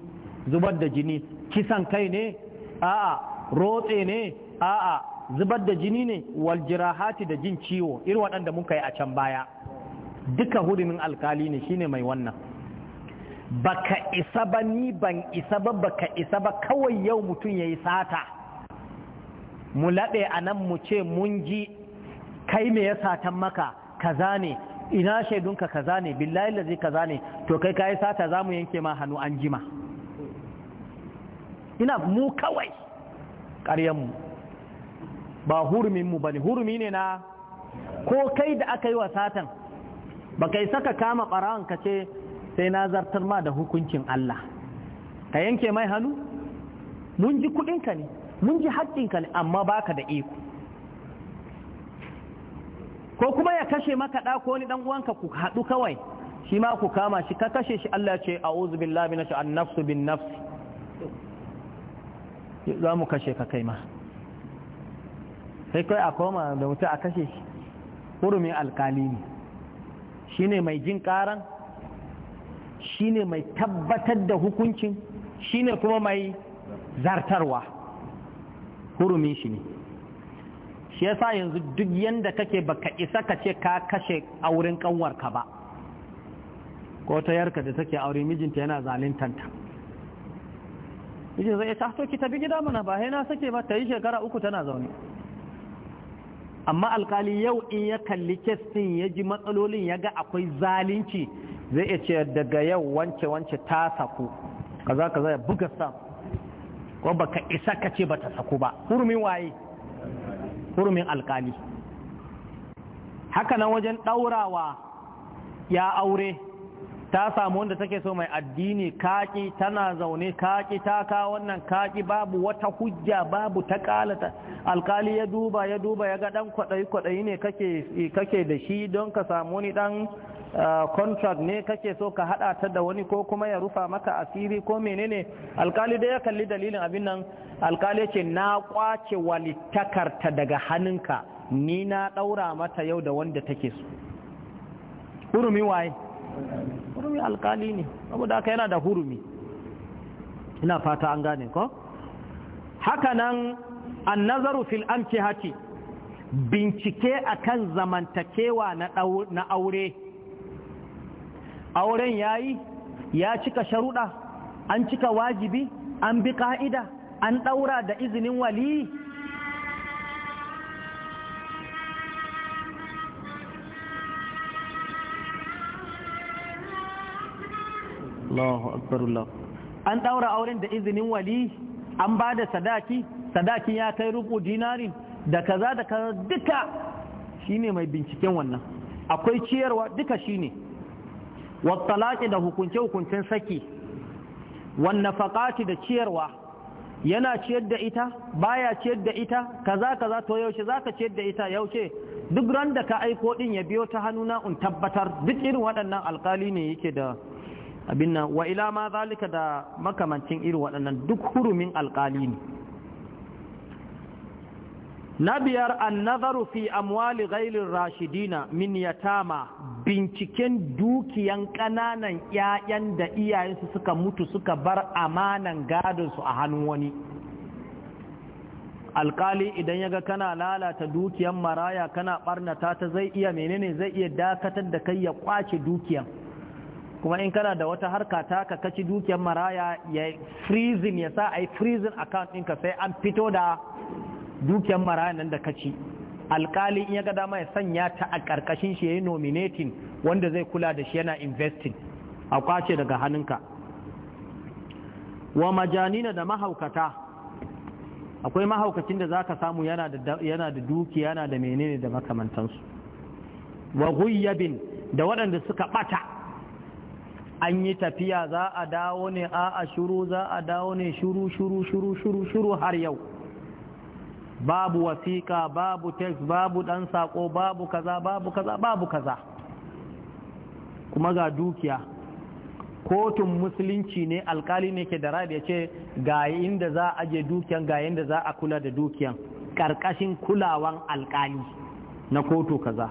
zubar da jini kisan kai ne a'a rotse ne a'a zubar da jini ne wal jirahati da jin ciwo irin waɗanda muka yi a can baya duka hurumin alkali ne shine mai wannan baka isa ba ni ban isa ba baka isa ba kawai yau mutum ya yi sata mu laɗe a nan mu ce mun ji kai me ya satan maka kaza ne ina shaidunka kaza ne billahi lazi kaza ne to kai ka yi sata za mu yanke ma hannu an jima ina mu kawai ƙaryanmu ba hurumin mu ne, hurmi ne na ko kai da aka yi wa satan ba kai saka kama ɓarawon ka ce sai na zartar ma da hukuncin Allah ka yanke mai hannu mun ji kudinka ne mun ji haƙƙinka ne amma baka da iko ko kuma ya kashe maka ɗa ko ni uwanka ku haɗu kawai shi ma ku kama shi ka kashe shi Allah ce a a'udhu billahi shi an nafsu bin nafsi za mu kashe ka kai ma sai kai a koma da wuta a kashe shi hurumin alkali ne shi ne mai jin karan shi ne mai tabbatar da hukuncin shi ne kuma mai zartarwa hurumin shi ne shi yasa yanzu duk yanda kake baka isa ka ce ka kashe auren kanwarka ba ko ta yarka da take aure mijinta yana zalintanta mijin zai ta ah, to ki tafi gida mana ba na sake ba ta yi shekara uku tana zaune amma alkali yau in ya kalli kes ya ji matsalolin ya ga akwai zalunci zai iya ce daga yau wance wance ta saku kaza kaza ya buga sa ko baka isa ka ce bata saku ba hurumin waye hurumin alkali hakanan wajen daurawa ya aure ta samu wanda take so mai addini kaki tana zaune kaki ta ka wannan kaki babu wata hujja babu ta kalata alkali ya duba ya duba ya ga dan kwadayi kwadayi ne kake kake da shi don ka samu ni dan uh, contract ne kake so ka hada ta da wani ko kuma ya rufa maka asiri ko menene alkali da ya kalli dalilin abin nan alkali ce na kwace walittakarta daga hannunka ni na daura mata yau da wanda take so urumi waye hurumi alkali ne saboda haka yana da hurumi ina fata an gane ko haka nan an nazaru fil amkihati bincike akan zamantakewa na aure auren yayi ya cika sharuɗa an cika wajibi an bi ka'ida an ɗaura da izinin wali Allahu akbar Allah an daura auren da izinin wali an bada da sadaki sadakin ya kai rubu dinarin da kaza da kaza duka shine mai binciken wannan akwai ciyarwa duka shine wa da hukunce hukuncen saki wan nafaqati da ciyarwa yana ciyar da ita baya ciyar da ita kaza kaza to yaushe zaka ciyar da ita yaushe duk ran da ka aiko din ya biyo ta hannuna in tabbatar duk irin waɗannan alƙali ne yake da abin nan wa ila ma zalika da makamancin iri waɗannan duk hurumin alƙali ne na biyar an nazaru fi amwali ghailin rashidina min yatama binciken dukiyan ƙananan 'ya'yan da iyayensu suka mutu suka bar amanan gadonsu a hannun wani alkali idan yaga ga kana lalata dukiyan maraya kana ɓarnata ta zai iya menene zai iya dakatar da kai ya ƙwace dukiyan kuma in kana da wata harka ta ka kaci dukiyar maraya ya freezing ya sa a yi freezing account ɗinka sai an fito da dukiyar maraya nan da kaci alkali in ya ga dama ya sanya ta a ƙarƙashin shi ya yi nominating wanda zai kula da shi yana investing a kwace daga hannunka wa majanina da mahaukata akwai mahaukacin da za ka samu yana da dukiya yana da menene da makamantansu wa guyyabin da waɗanda suka ɓata an yi tafiya za a dawo ne a a shuru za a dawo ne shuru shuru shuru shuru shuru har yau babu wasiƙa babu text babu ɗan saƙo babu kaza babu kaza babu kaza kuma ga dukiya kotun musulunci ne alkali ne ke da rabi ce ga inda za a je dukiyan ga inda za a kula da dukiyan ƙarƙashin kulawan alkali na kotu kaza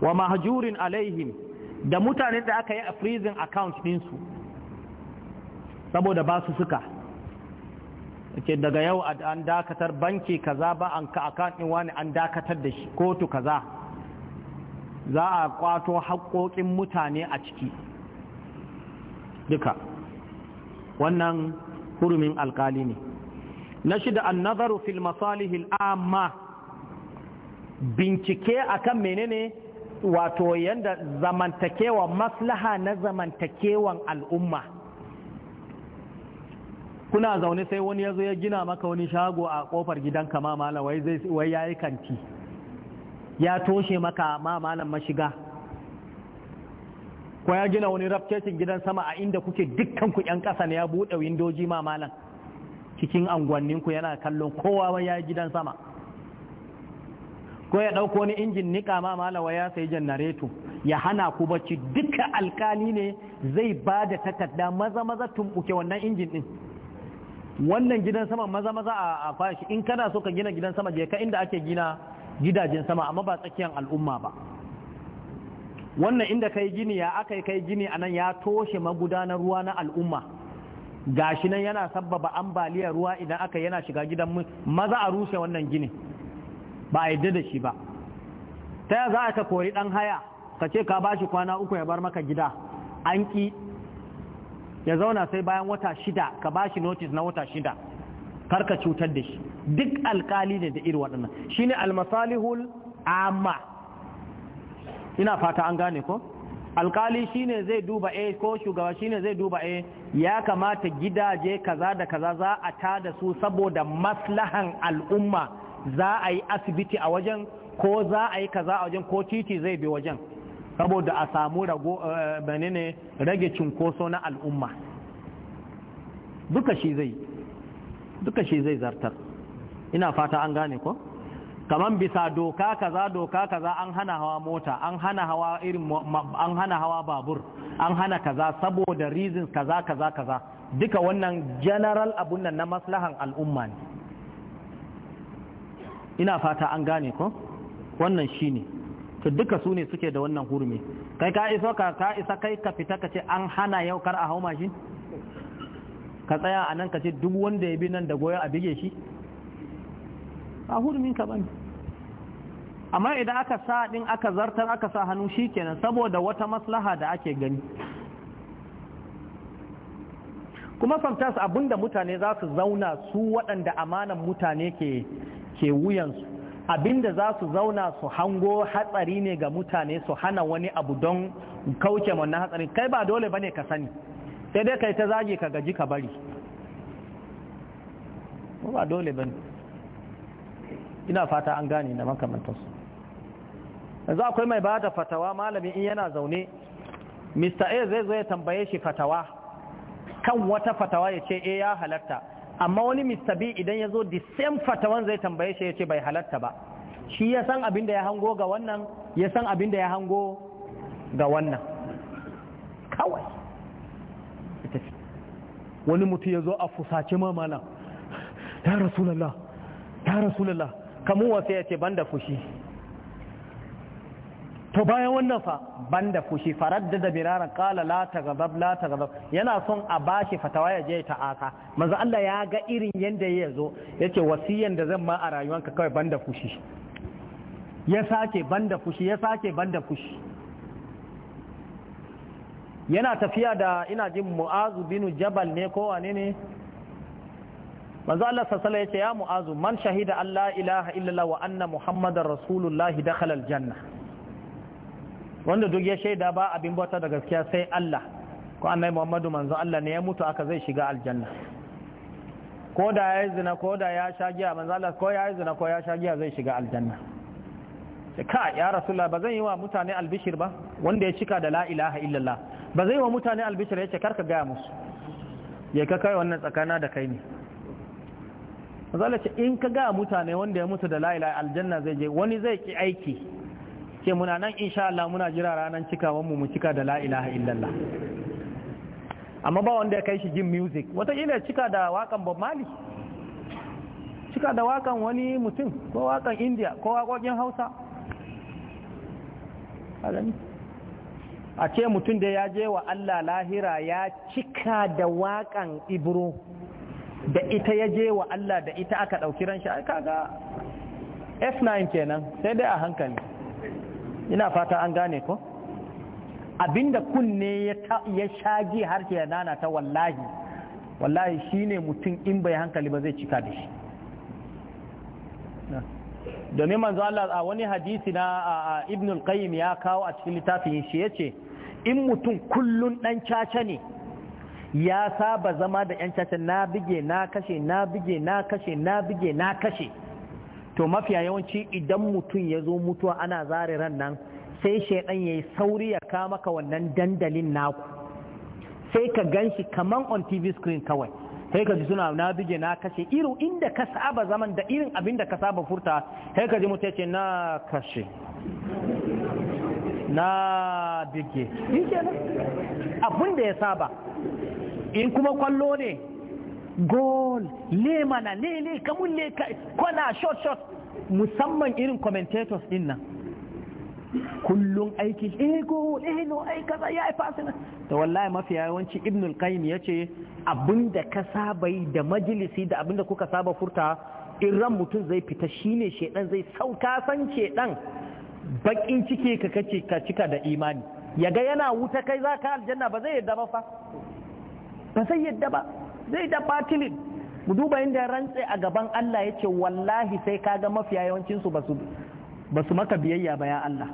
wa mahajurin alaihim da mutane da aka yi a freezing account ɗinsu saboda ba su suka daga yau an dakatar banki kaza ba an ka account ɗin wani an dakatar da shi kotu kaza za a kwato haƙoƙin mutane a ciki duka wannan hurumin alkali ne na shida an nazaru fil masalihil amma bincike akan menene wato yanda zamantakewa maslaha na zamantakewan al'umma kuna zaune sai wani ya zo ya gina maka wani shago a kofar gidanka ma malam wai zai wai kanti ya toshe maka ma malam mashiga ko ya gina wani rafkecin gidan sama a inda kuke dukkan ku yan ƙasa ne ya buɗe windoji ma malam cikin unguwanninku yana kallon kowa ya gidan sama ko ya ɗauko wani injin niƙa ma malawa ya sai janareto ya hana ku bacci duka alkali ne zai ba da takarda maza maza tumɓuke wannan injin ɗin wannan gidan sama maza maza a fashi in kana so ka gina gidan sama je ka inda ake gina gidajen sama amma ba tsakiyar al'umma ba wannan inda kai gini ya aka kai gini a nan ya toshe magudanar ruwa na al'umma gashi nan yana sabbaba ambaliyar ruwa idan aka yana shiga gidan maza a rushe wannan ginin ba a yadda da shi ba ta ya za a ka kori ɗan haya ka ce ka ba shi kwana uku ya bar maka gida an ƙi ya zauna sai bayan wata shida ka ba shi notice na wata shida kar ka cutar da shi duk alkali ne da irin waɗannan shi ne almasalihul amma ina fata an gane ko alkali shine zai duba a eh, ko shugaba shine zai duba a eh, ya kamata gidaje kaza da kaza za a ta da su saboda maslahan al'umma za a yi asibiti a wajen ko za a yi kaza a wajen ko titi zai bi wajen saboda a samu rago eh, ne rage cunkoso na al'umma duka shi zai duka shi zai zartar ina fata an gane ko kaman bisa doka kaza doka kaza an hana hawa mota an hana hawa irin an hana hawa babur an hana kaza saboda reasons kaza kaza kaza duka wannan general abun nan na maslahan al'umma ne ina fata an gane ko wannan shi ne. to duka su ne suke da wannan hurumi kai ka iso ka ka isa kai ka fita ka ce an hana yau kar a hau mashin ka tsaya a nan ka ce duk wanda ya bi nan da goyon a bige shi a hurumin ka bane amma idan aka sa din aka zartar aka sa hannu shi kenan saboda wata maslaha da ake gani kuma sometimes abinda mutane za su zauna su waɗanda amanan mutane ke ke wuyansu abinda za su zauna su hango hatsari ne ga mutane su hana wani abu don kauce wannan hatsari kai ba dole bane ka sani sai dai kai ta zage ka gaji ka bari ba dole bane ina fata an gane da su yanzu akwai mai ba da fatawa malamin in yana zaune mr a zai zo ya tambaye shi fatawa kan wata fatawa ya ce e ya halatta amma wani mistabi idan ya zo the same fatawan zai tambaye shi ya ce bai halatta ba shi ya san abin da ya hango ga wannan ya san abin da ya hango ga wannan kawai wani mutum ya zo a fusace mamana ya rasulallah ya rasulallah kamuwa sai ya ce ban da fushi to bayan wannan fa banda fushi faradda da birara kala la taghadab la taghadab yana son a bashi fatawa ya je ta aka manzo Allah ya ga irin yanda ya zo yace wasiyan da zan ma a rayuwanka kawai banda fushi ya sake banda fushi ya sake banda fushi yana tafiya da ina jin mu'azu binu jabal ne ko wane ne manzo Allah sallallahu alaihi ya mu'azu man shahida Allah ilaha illallah wa anna muhammadar rasulullahi dakhala aljanna wanda duk ya shaida ba abin bauta da gaskiya sai Allah ko annabi Muhammadu manzo Allah ne ya mutu aka zai shiga aljanna ko da ya zina ko da ya sha giya manzo Allah ko ya zina ko ya sha giya zai shiga aljanna ka ya rasulullah ba zan yi wa mutane albishir ba wanda ya cika da la ilaha illallah ba zai yi wa mutane albishir yace karka gaya musu ya ka kai wannan tsakana da kai ne manzo Allah ce in ka ga mutane wanda ya mutu da la ilaha aljanna zai je wani zai ki aiki ce muna nan insha Allah muna jira ranar cikawan mu mu cika da la ilaha illallah amma ba wanda ya kai shi jin music wata ila cika da wakan Bob Marley cika da wakan wani mutum ko wakan India ko wakokin Hausa a ce mutum da ya je wa Allah lahira ya cika da wakan Ibro da ita ya je wa Allah da ita aka ɗauki ran shi ga F9 kenan sai dai a hankali ina fata an gane ko abinda kunne ya shagi harshe ya nana ta wallahi wallahi shine mutum in bai hankali ba zai cika da shi domin manzo Allah a wani hadisi na Ibn al-Qayyim ya kawo a cikin littafin shi yace in mutum kullun dan caca ne ya saba zama da yan caca na bige na kashe na bige na kashe na bige na kashe to mafiya yawanci idan mutum ya zo mutuwa ana zare ran nan sai shaidan ya yi sauri ya kama ka wannan dandalin naku sai ka gan shi kaman on tv screen kawai sai ka ji suna na bige na kashe irin inda ka saba zaman da irin abin da ka saba furta sai ka ji mutum ce na kashe na bige abin da ya saba in kuma kwallo ne goal le mana le le kamun le kwana shot shot musamman irin commentators din nan kullum aiki eh goal eh no ai kaza ya ai fasina to wallahi mafi yawanci ibn al-qayyim yace abinda ka saba yi da majalisi da abinda kuka saba furta in ran mutum zai fita shine shedan zai sauka san shedan bakin cike ka kace ka cika da imani yaga yana wuta kai zaka aljanna ba zai yadda ba fa ba zai yadda ba zai da batilin mu duba inda rantse a gaban Allah ya ce wallahi sai kaga mafiya yawancinsu ba su maka biyayya ba ya Allah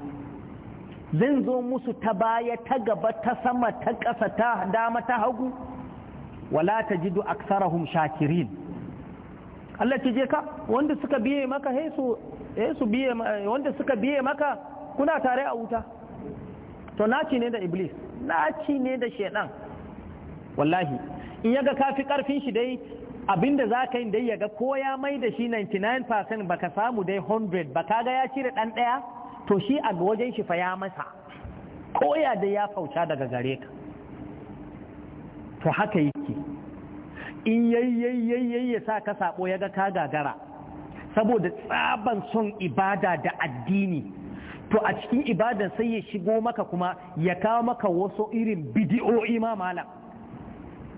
zan zo musu ta baya ta gaba ta sama ta ƙasa ta dama ta hagu wala ta jidu shakirin Allah ce je ka wanda suka biye maka he su biye wanda suka biye maka kuna tare a wuta to naci ne da iblis naci ne da shedan wallahi in yaga ka fi karfin shi dai abinda za ka yi dai ya ga ko ya mai da shi 99% baka samu dai 100 ba ka ga ya cire dan daya to shi a wajen shi fa ya masa ko ya dai ya fauta daga gare ka to haka yake in yayi ya sa ka ya ga ka gagara saboda tsaban son ibada da addini to a cikin ibadan sai ya shigo maka kuma ya kawo maka wasu irin bidiyoi ma malam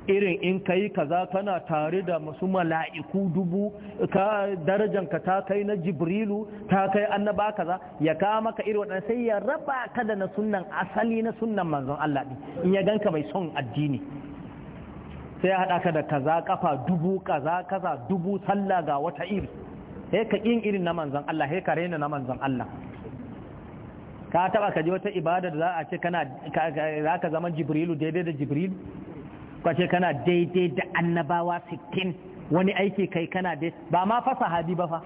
irin in kai kaza kana tare da masu mala'iku dubu ka darajanka ta kai na jibrilu ta kai annaba kaza ya kawo maka irin waɗanda sai ya raba ka da na sunnan asali na sunnan manzon Allah ɗin in ya ganka mai son addini sai ya haɗa ka da kaza kafa dubu kaza kaza dubu sallah ga wata iri sai ka ƙin irin na manzon Allah sai ka rena na manzon Allah ka taba ka ji wata ibada da za a ce kana za ka zama jibrilu daidai da jibrilu face kana daidai da annabawa sittin wani aiki kai kana dai ba ma fasa sahabi ba fa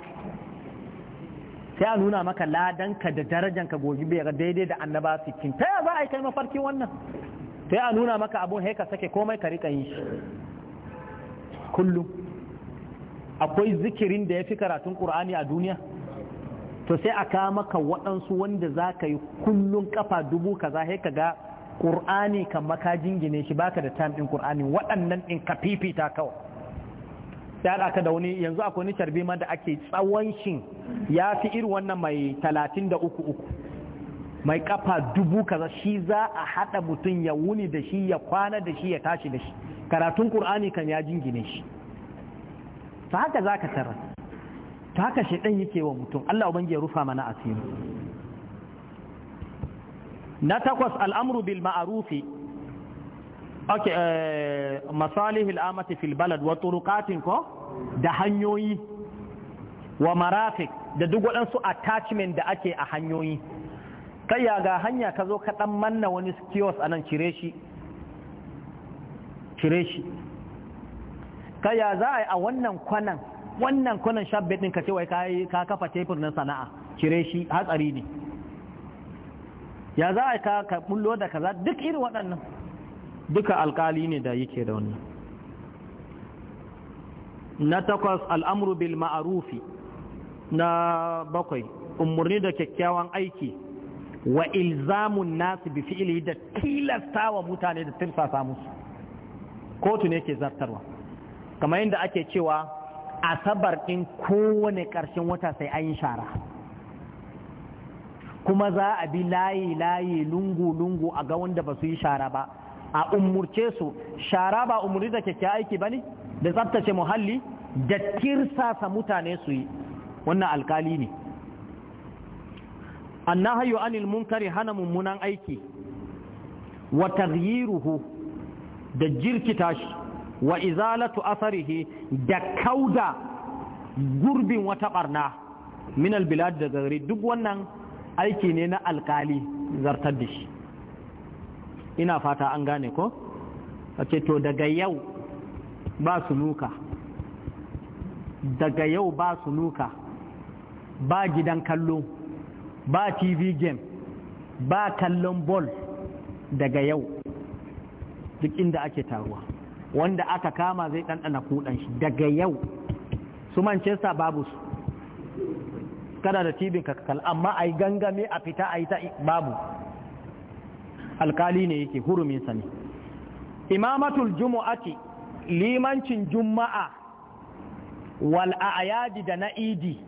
sai a nuna maka ladanka da darajanka gobe bai daidai da annabawa sittin ta ya za a yi kai mafarkin wannan sai a nuna maka abun haika sake komai ka rika yi shi kullum akwai zikirin da ya fi karatun ƙur'ani a duniya to sai a kama maka waɗansu wanda za ka yi kullum kafa dubu ka za ka ga ƙur'ani kan maka jingine shi baka da time ɗin ƙur'ani waɗannan ɗin ka fifita kawai ya ɗaka da wani yanzu akwai ni carbi ma da ake tsawon shi ya fi irin wannan mai talatin da uku uku mai kafa dubu kaza shi za a haɗa mutum ya wuni da shi ya kwana da shi ya tashi da shi karatun ƙur'ani kan ya jingine shi ta haka za ka tarar ta haka shaidan yake wa mutum Allah ubangi ya rufa mana asiri na takwas al'amru bil ma'arufi ok eh, masalihil amati fil balad wa turuqatin ko da hanyoyi wa marafik da duk waɗansu attachment da ake a hanyoyi kai ya ga hanya ka zo ka ɗan manna wani skios a cire shi cire shi kai ya za a yi a wannan kwanan wannan kwanan shabbe ɗin ka ce wai ka kafa tefin na sana'a cire shi hatsari ne ya za a ka ka bullo da kaza duk irin waɗannan duka alkali ne da yake da wannan na takwas al'amuru bil ma'arufi na bakwai umarni da kyakkyawan aiki wa ilzamun nasu bi fi'ili da tilasta wa mutane da tirsasa musu kotu ne ke zartarwa kamar yadda ake cewa asabar ɗin kowane ƙarshen wata sai an yi shara kuma za a bi layi layi lungu lungu a ga wanda ba su yi shara ba a umurce su shara ba umurni da keke aiki ba ne da tsaftace muhalli da kirsasa mutane su yi wannan alkali ne an anil munkari hana mummunan aiki wata taghyiruhu da jirkita shi wa izalatu asarihi da kauda gurbin wata barna min bilad da gari duk wannan aiki ne na alkali zartar da shi ina fata an gane ko a ce to daga yau ba su nuka daga yau ba su nuka ba gidan kallo ba tv game ba kallon ball daga yau duk inda ake taruwa wanda aka kama zai ɗanɗana kuɗan shi daga yau su manchester babu su kana da tibin kakkal amma a yi gangame a fita a yi ta babu alkali ne yake hurumin ne. imamatul jumu'ati limancin juma'a wal a'yadi da na idi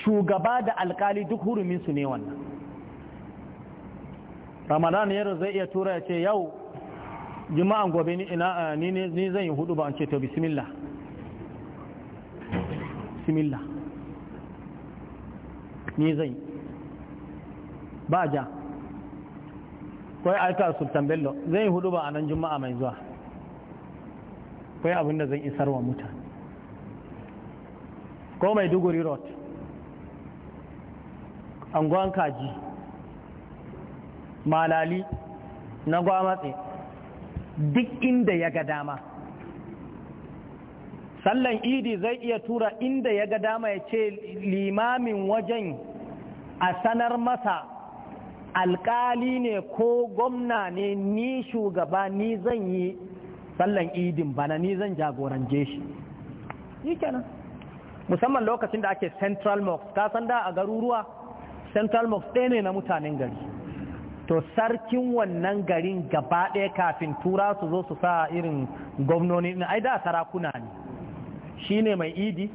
shugaba da alkali duk hurumin su ne wannan ramadan yaro zai iya tura ya ce yau juma'an gobe ni ina ni zan yi hudu ba an ce to bismillah bismillah ni zai, ba ja kwai aika sultan bello zai hudu ba a nan juma'a mai zuwa kawai abin da zan isar wa mutane ko mai duguri road anguwan kaji malali na gwamatse duk inda ya ga dama sallan idi zai iya tura inda ya ga dama ya ce limamin wajen a sanar masa alkali ne ko gwamna ne ni shugaba ni zan yi sallan idin bana ni zan jagorance shi yi kenan musamman lokacin da ake central mosque ka san da a garuruwa central mosque ɗaya ne na mutanen gari to sarkin wannan garin gaba ɗaya kafin tura su zo su sa irin gwamnoni ai da sarakuna ne shi ne mai idi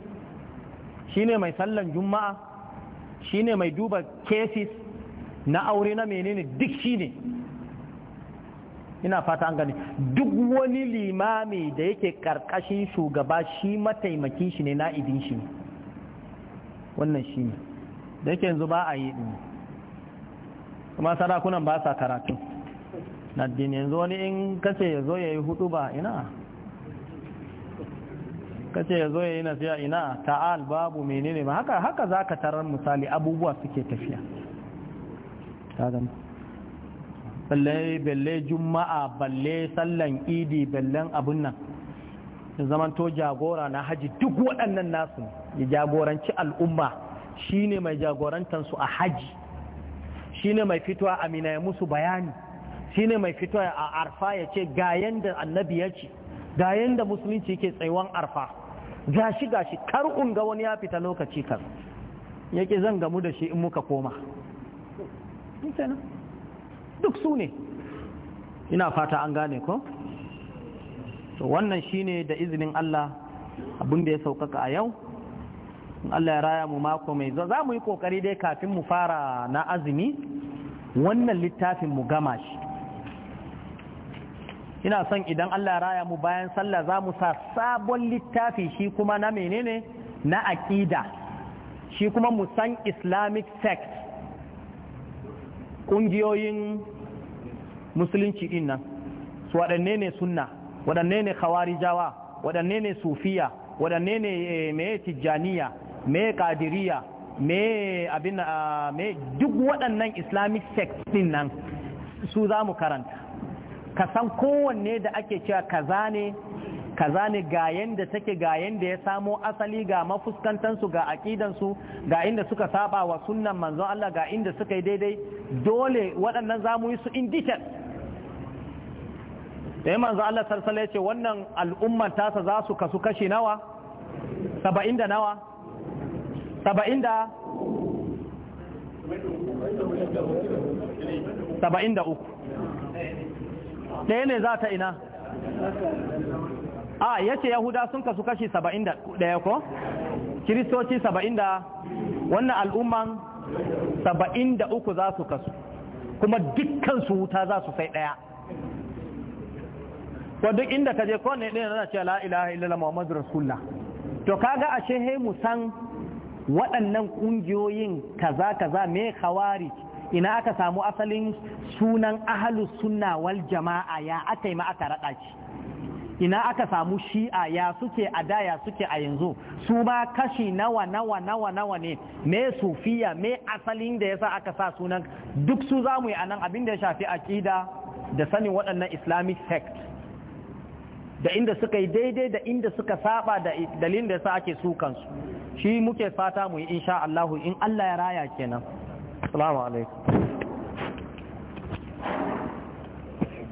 shi ne mai sallan juma'a shi ne mai duba cases na aure na menene duk shi ne ina fata an gani duk wani limami da yake karkashin shugaba shi mataimakin shi ne idin shi ne wannan shi ne da yake yanzu ba a yi ɗin kuma sarakunan ba sa karatu na yanzu wani in kace ya zo ya yi hudu ba ina ka ce ya ya yi nasiya ina ta'al babu menene ba haka haka za ka tarar misali abubuwa suke tafiya balle juma'a balle sallan idi ballen abun nan ya zamanto jagora na haji duk waɗannan nasu ya jagoranci al'umma shine mai jagorantansu a haji shine mai fitowa amina ya musu bayani shine mai fitowa a arfa ya ce ga yanda annabi ya ce ga yadda musulunci ke tsaiwan arfa gashi gashi kar ga wani ya fita lokaci kan yake zan gamu da shi in muka koma duk su ne ina fata an gane ko wannan shine da izinin Allah abin da ya saukaka a yau Allah ya raya mu mako mai zuwa. za mu yi kokari dai kafin mu fara na azumi wannan littafin mu gama shi ina son idan Allah raya mu bayan sallah za mu sa sabon littafi shi kuma na menene na aƙida shi kuma mu san islamic text ƙungiyoyin musulunci din su waɗanne ne sunna waɗanne ne khawarijawa waɗanne ne sufiya waɗanne ne eh, mai tijjaniya mai kadiriya mai ah, duk waɗannan islamic text din nan su za mu karanta ka san kowanne da ake cewa kaza ne kaza ne ga yanda take ga yanda ya samo asali ga mafuskantansu ga akidansu ga inda suka saba wa sunan manzon Allah ga inda suka yi daidai dole waɗannan mu yi su in da yi eh, manzon Allah sarsala ya ce wannan al'ummar tasa za su kasu kashi nawa saba'in da nawa saba'in da saba'in da uku ɗaya ne za ta ina a ya ce yahuda sun kasu kashi saba'in da ɗaya ko kiristoci saba'in da wannan al'umman saba'in da uku za su kasu kuma dukkansu wuta za su sai ɗaya ko duk inda ka je ko ne ɗaya na ce la ilaha illallah muhammadu rasulullah to kaga ashe he mu san waɗannan ƙungiyoyin kaza kaza me khawarij ina aka samu asalin sunan ahalus sunna wal jama'a ya aka yi ma aka raɗa ce? ina aka samu shi'a ya suke a da ya suke a yanzu su ba kashi nawa nawa nawa nawa ne me sufiya me asalin da yasa aka sa sunan duk su za mu yi anan abin da ya shafi aƙida da sanin waɗannan islamic sect da inda suka yi daidai da inda suka saba da dalilin da yasa ake su kansu shi muke fata mu yi insha Allah in Allah ya raya kenan Salamu alaikum.